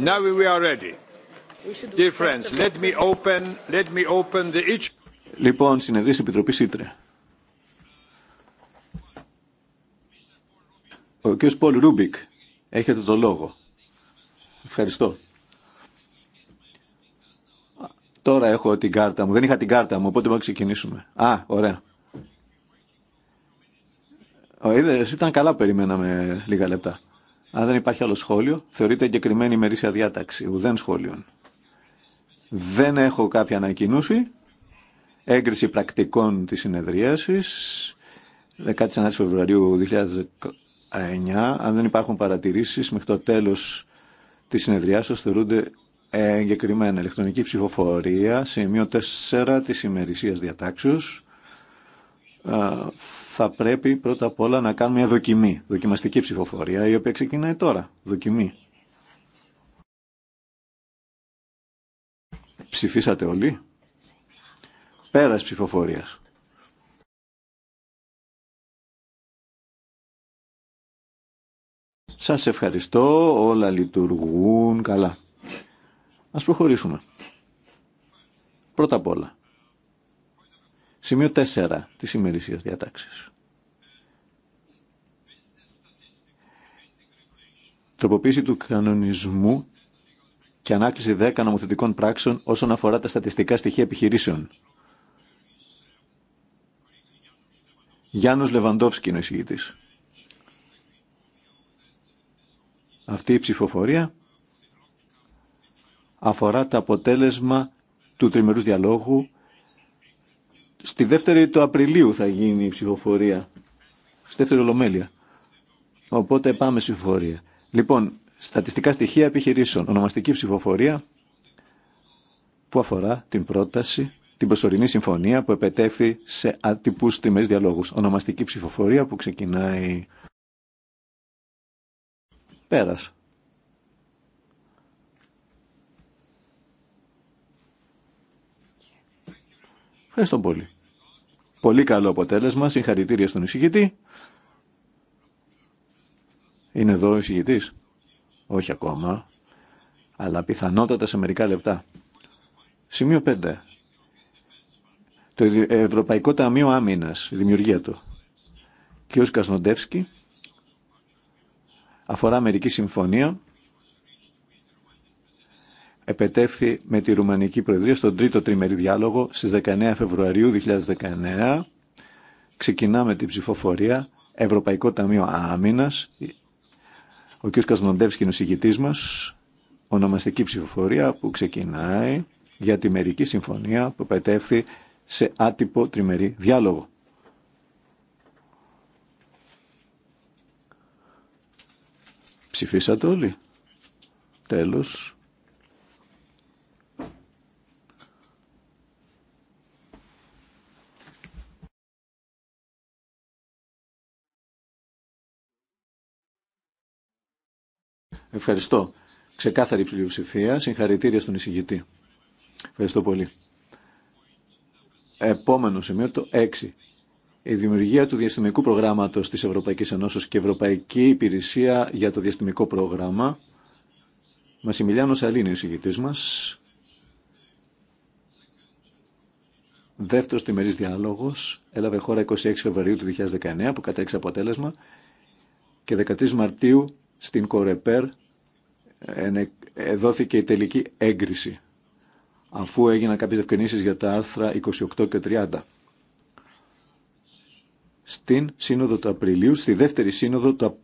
Now we are ready. Dear friends, let me open, let me open the each... Λοιπόν, συνεδρίες Επιτροπής Ήτρε. Ο κ. Πολ Ρούμπικ, έχετε το λόγο. Ευχαριστώ. Τώρα έχω την κάρτα μου. Δεν είχα την κάρτα μου, οπότε μπορούμε να ξεκινήσουμε. Α, ωραία. Ο, είδες, ήταν καλά, περιμέναμε λίγα λεπτά. Αν δεν υπάρχει άλλο σχόλιο, θεωρείται εγκεκριμένη ημερήσια διάταξη. Ουδέν σχόλιον. Δεν έχω κάποια ανακοινούση. Έγκριση πρακτικών της συνεδρίασης. 19 Φεβρουαρίου 2019. Αν δεν υπάρχουν παρατηρήσεις μέχρι το τέλος της συνεδριάσης θεωρούνται εγκεκριμένα. ηλεκτρονική ψηφοφορία, σημείο 4 της ημερησίας διατάξεως θα πρέπει πρώτα απ' όλα να κάνουμε μια δοκιμή, δοκιμαστική ψηφοφορία, η οποία ξεκινάει τώρα, δοκιμή. Ψηφίσατε όλοι. Πέρας ψηφοφορίας. Σας ευχαριστώ, όλα λειτουργούν καλά. Ας προχωρήσουμε. Πρώτα απ' όλα. Σημείο 4 της ημερησίας διατάξεως. Τροποποίηση του κανονισμού και ανάκληση 10 νομοθετικών πράξεων όσον αφορά τα στατιστικά στοιχεία επιχειρήσεων. Γιάννος Λεβαντόφσκι είναι ο εισηγητής. Αυτή η ψηφοφορία αφορά το αποτέλεσμα του τριμερούς διαλόγου Στη δεύτερη του Απριλίου θα γίνει η ψηφοφορία. Στη δεύτερη Ολομέλεια. Οπότε πάμε ψηφοφορία. Λοιπόν, στατιστικά στοιχεία επιχειρήσεων. Ονομαστική ψηφοφορία που αφορά την πρόταση, την προσωρινή συμφωνία που επετέφθη σε άτυπους τιμές διαλόγους. Ονομαστική ψηφοφορία που ξεκινάει πέρας. Ευχαριστώ πολύ. Πολύ καλό αποτέλεσμα. Συγχαρητήρια στον εισηγητή. Είναι εδώ ο εισηγητή. Όχι ακόμα, αλλά πιθανότατα σε μερικά λεπτά. Σημείο 5. Το Ευρωπαϊκό Ταμείο Άμυνα δημιουργία του. Κ. Κασνοντεύσκη αφορά μερική συμφωνία επετεύθη με τη Ρουμανική Προεδρία στον τρίτο τριμερή διάλογο στις 19 Φεβρουαρίου 2019. Ξεκινάμε την ψηφοφορία Ευρωπαϊκό Ταμείο Άμυνας. Ο κ. Καζνοντεύσκη είναι ο συγκητής μας. Ονομαστική ψηφοφορία που ξεκινάει για τη μερική συμφωνία που επετεύθη σε άτυπο τριμερή διάλογο. Ψηφίσατε όλοι. Τέλος. Ευχαριστώ. Ξεκάθαρη πλειοψηφία. Συγχαρητήρια στον εισηγητή. Ευχαριστώ πολύ. Επόμενο σημείο το 6. Η δημιουργία του διαστημικού προγράμματος της Ευρωπαϊκής Ενώσεως και Ευρωπαϊκή Υπηρεσία για το Διαστημικό Πρόγραμμα. Μασιμιλιάνο Σαλίνη, εισηγητής μας. Δεύτερος τιμερής διάλογος έλαβε χώρα 26 Φεβρουαρίου του 2019 που κατέληξε αποτέλεσμα και 13 Μαρτίου στην Κορεπέρ δόθηκε η τελική έγκριση αφού έγιναν κάποιες ευκαινήσεις για τα άρθρα 28 και 30. Στην Σύνοδο του Απριλίου, στη δεύτερη Σύνοδο του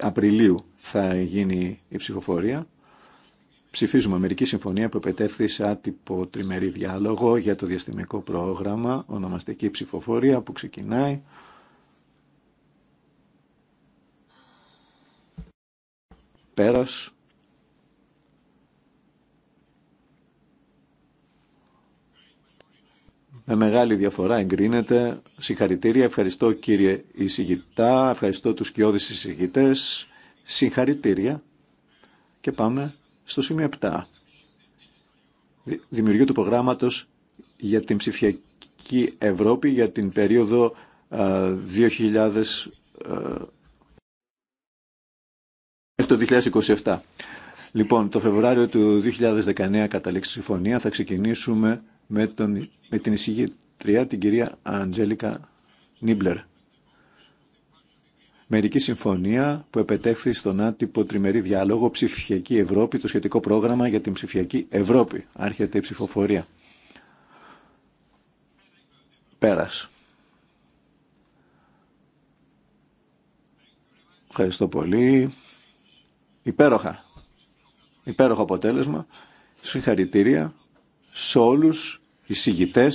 Απριλίου θα γίνει η ψηφοφορία. Ψηφίζουμε μερική Συμφωνία που επετεύχθη σε άτυπο τριμερή διάλογο για το διαστημικό πρόγραμμα, ονομαστική ψηφοφορία που ξεκινάει. Πέρας. Με μεγάλη διαφορά εγκρίνεται. Συγχαρητήρια. Ευχαριστώ κύριε εισηγητά. Ευχαριστώ τους κοιόδης εισηγητές. Συγχαρητήρια. Και πάμε στο σημείο 7. Δημιουργία του προγράμματος για την ψηφιακή Ευρώπη για την περίοδο 2000 το 2027. Λοιπόν, το Φεβρουάριο του 2019 καταλήξει συμφωνία. Θα ξεκινήσουμε με, τον, με την εισηγήτρια την κυρία Αντζέλικα Νίμπλερ. Μερική συμφωνία που επετέχθη στον άτυπο τριμερή διάλογο Ψηφιακή Ευρώπη, το σχετικό πρόγραμμα για την ψηφιακή Ευρώπη. Άρχεται η ψηφοφορία. Πέρας. Ευχαριστώ πολύ. Υπέροχα. Υπέροχο αποτέλεσμα. Συγχαρητήρια σε όλους συγητέ,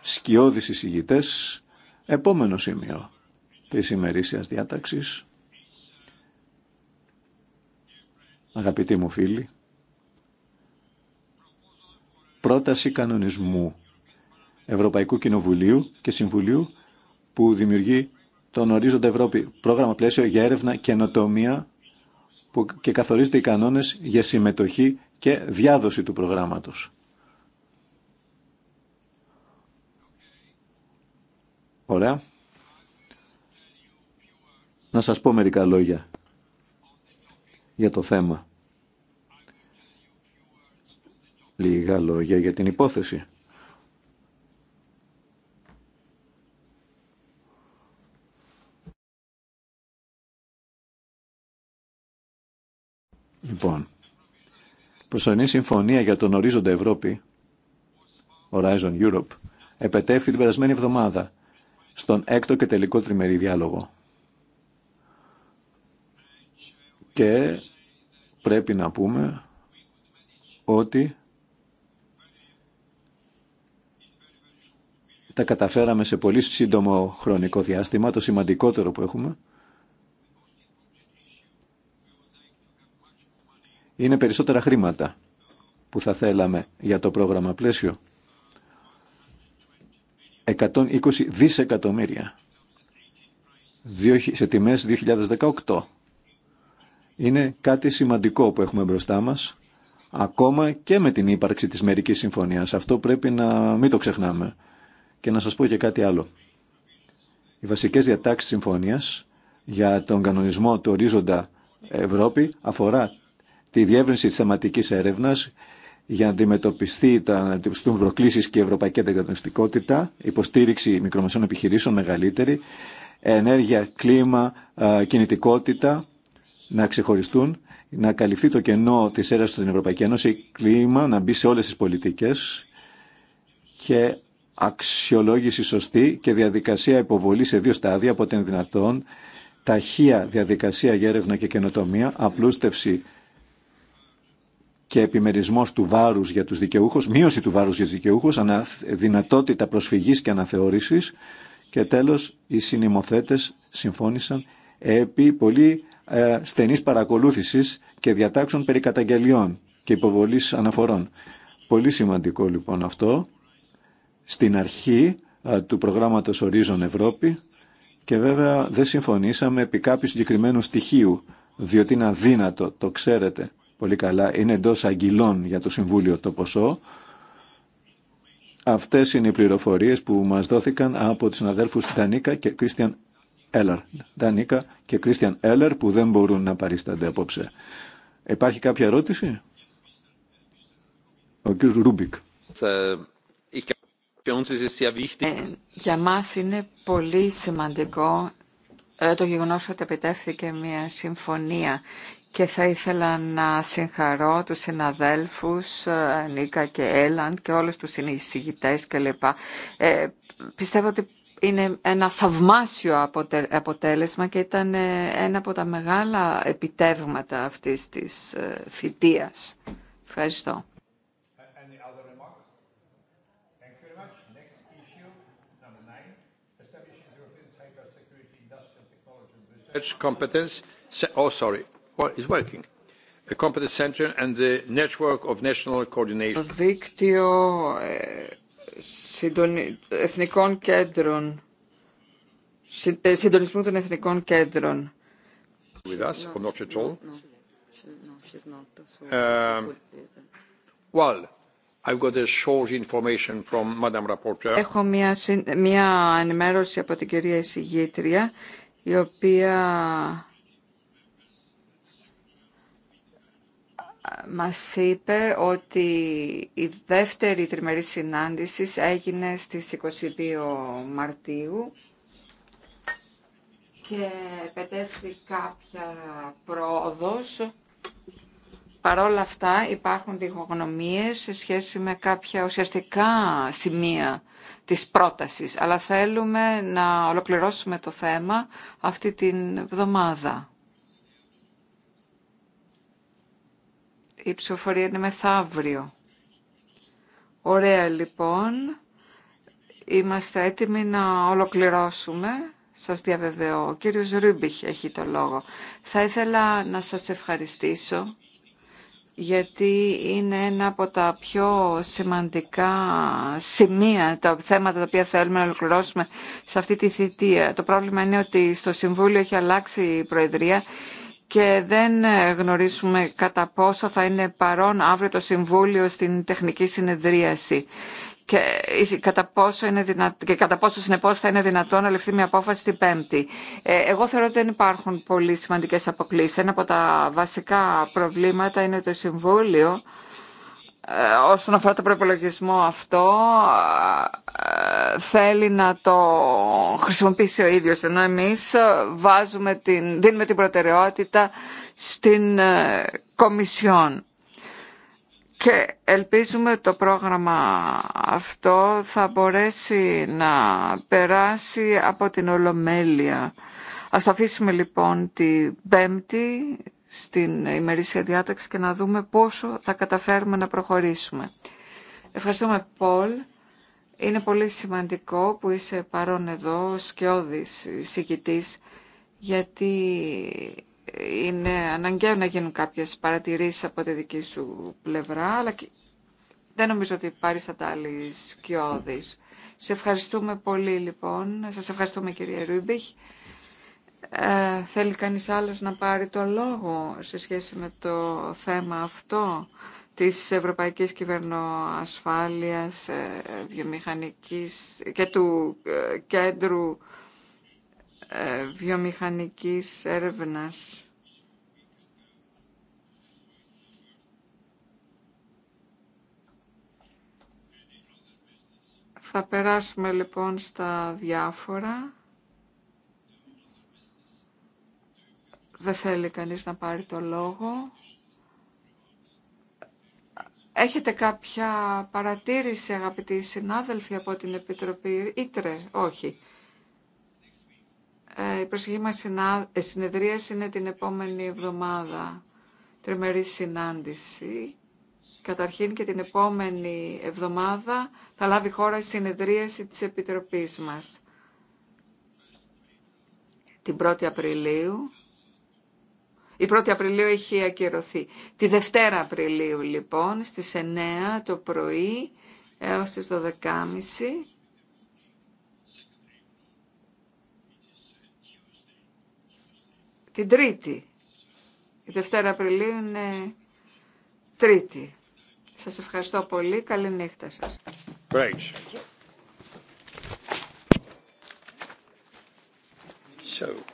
σκιώδεις συγητέ, Επόμενο σημείο της ημερήσιας διάταξης. Αγαπητοί μου φίλοι, πρόταση κανονισμού Ευρωπαϊκού Κοινοβουλίου και Συμβουλίου που δημιουργεί τον Ορίζοντα Ευρώπη, πρόγραμμα πλαίσιο για έρευνα και ενοτομία που και καθορίζονται οι κανόνες για συμμετοχή και διάδοση του προγράμματος. Ωραία. Να σας πω μερικά λόγια για το θέμα. Λίγα λόγια για την υπόθεση. Λοιπόν, προσωρινή συμφωνία για τον ορίζοντα Ευρώπη, Horizon Europe, επετέφθη την περασμένη εβδομάδα στον έκτο και τελικό τριμερή διάλογο. Και πρέπει να πούμε ότι τα καταφέραμε σε πολύ σύντομο χρονικό διάστημα, το σημαντικότερο που έχουμε. Είναι περισσότερα χρήματα που θα θέλαμε για το πρόγραμμα πλαίσιο. 120 δισεκατομμύρια σε τιμές 2018. Είναι κάτι σημαντικό που έχουμε μπροστά μας, ακόμα και με την ύπαρξη της μερικής συμφωνίας. Αυτό πρέπει να μην το ξεχνάμε. Και να σας πω και κάτι άλλο. Οι βασικές διατάξεις συμφωνίας για τον κανονισμό του ορίζοντα Ευρώπη αφορά τη διεύρυνση τη θεματικής έρευνας για να αντιμετωπιστεί τα αντιμετωπιστούν προκλήσεις και η ευρωπαϊκή ανταγωνιστικότητα, υποστήριξη μικρομεσαίων επιχειρήσεων μεγαλύτερη, ενέργεια, κλίμα, κινητικότητα να ξεχωριστούν, να καλυφθεί το κενό της έρευνας στην Ευρωπαϊκή Ένωση, κλίμα να μπει σε όλες τις πολιτικές και αξιολόγηση σωστή και διαδικασία υποβολή σε δύο στάδια από είναι δυνατόν, ταχεία διαδικασία για έρευνα και καινοτομία, απλούστευση και επιμερισμός του βάρους για τους δικαιούχους, μείωση του βάρους για τους δικαιούχους, δυνατότητα προσφυγής και αναθεώρησης και τέλος οι συνημοθέτες συμφώνησαν επί πολύ ε, στενής παρακολούθησης και διατάξεων περί και υποβολής αναφορών. Πολύ σημαντικό λοιπόν αυτό στην αρχή ε, του προγράμματος Ορίζον Ευρώπη και βέβαια δεν συμφωνήσαμε επί κάποιου συγκεκριμένου στοιχείου διότι είναι αδύνατο, το ξέρετε πολύ καλά, είναι εντό αγγυλών για το Συμβούλιο το ποσό. Αυτές είναι οι πληροφορίες που μας δόθηκαν από τους συναδέλφους Ντανίκα και Κρίστιαν Έλλερ. Ντανίκα και Κρίστιαν Έλλερ που δεν μπορούν να παρίστανται απόψε. Υπάρχει κάποια ερώτηση? Ο κύριος Ρούμπικ. Ε, για μας είναι πολύ σημαντικό ε, το γεγονός ότι επιτεύχθηκε μια συμφωνία και θα ήθελα να συγχαρώ τους συναδέλφους ε, Νίκα και Έλαντ και όλους τους συνεισηγητές κλπ. Ε, πιστεύω ότι είναι ένα θαυμάσιο αποτέλεσμα και ήταν ε, ένα από τα μεγάλα επιτεύγματα αυτής της ε, θητείας. Ευχαριστώ. Competence. Oh, sorry is working. competence center and the network of national coordination. Το δίκτυο ε, εθνικών κέντρων, ε, συντονισμού των εθνικών κέντρων. Έχω μια, μια ενημέρωση από την κυρία εισηγήτρια, η οποία μας είπε ότι η δεύτερη τριμερή συνάντηση έγινε στις 22 Μαρτίου και πετεύθη κάποια πρόοδος. Παρόλα αυτά υπάρχουν διχογνωμίες σε σχέση με κάποια ουσιαστικά σημεία της πρότασης, αλλά θέλουμε να ολοκληρώσουμε το θέμα αυτή την εβδομάδα. Η ψηφοφορία είναι μεθαύριο. Ωραία λοιπόν. Είμαστε έτοιμοι να ολοκληρώσουμε. Σας διαβεβαιώ. Ο κύριος Ρούμπιχ έχει το λόγο. Θα ήθελα να σας ευχαριστήσω γιατί είναι ένα από τα πιο σημαντικά σημεία, τα θέματα τα οποία θέλουμε να ολοκληρώσουμε σε αυτή τη θητεία. Το πρόβλημα είναι ότι στο Συμβούλιο έχει αλλάξει η Προεδρία και δεν ε, γνωρίζουμε κατά πόσο θα είναι παρόν αύριο το Συμβούλιο στην τεχνική συνεδρίαση και ε, κατά πόσο, είναι και κατά πόσο συνεπώς θα είναι δυνατόν να ληφθεί μια απόφαση την Πέμπτη. Ε, εγώ θεωρώ ότι δεν υπάρχουν πολύ σημαντικές αποκλήσεις. Ένα από τα βασικά προβλήματα είναι το Συμβούλιο όσον αφορά το προπολογισμό αυτό θέλει να το χρησιμοποιήσει ο ίδιος, ενώ εμείς ε, βάζουμε την, δίνουμε την προτεραιότητα στην ε, Κομισιόν. Και ελπίζουμε το πρόγραμμα αυτό θα μπορέσει να περάσει από την Ολομέλεια. Ας το αφήσουμε λοιπόν την Πέμπτη στην ημερήσια διάταξη και να δούμε πόσο θα καταφέρουμε να προχωρήσουμε. Ευχαριστούμε Πολ. Είναι πολύ σημαντικό που είσαι παρόν εδώ, σκιώδης, συγκητής, γιατί είναι αναγκαίο να γίνουν κάποιες παρατηρήσεις από τη δική σου πλευρά, αλλά δεν νομίζω ότι πάρεις αντάλλη σκιώδης. Σε ευχαριστούμε πολύ λοιπόν. Σας ευχαριστούμε κυρία Ρούμπιχ. Ε, θέλει κανείς άλλος να πάρει το λόγο σε σχέση με το θέμα αυτό της Ευρωπαϊκής Κυβερνοασφάλειας ε, βιομηχανικής και του ε, Κέντρου ε, Βιομηχανικής Έρευνας. Θα περάσουμε λοιπόν στα διάφορα. Δεν θέλει κανείς να πάρει το λόγο. Έχετε κάποια παρατήρηση αγαπητοί συνάδελφοι από την Επιτροπή Ήτρε, όχι. Ε, η προσοχή μας ε, είναι την επόμενη εβδομάδα, τριμερή συνάντηση. Καταρχήν και την επόμενη εβδομάδα θα λάβει χώρα η συνεδρίαση της Επιτροπής μας. Την 1η Απριλίου η 1η Απριλίου έχει ακυρωθεί. Τη Δευτέρα Απριλίου λοιπόν στις 9 το πρωί έως τις 12.30 την Τρίτη. Η Δευτέρα Απριλίου είναι Τρίτη. Σας ευχαριστώ πολύ. Καλή νύχτα σας.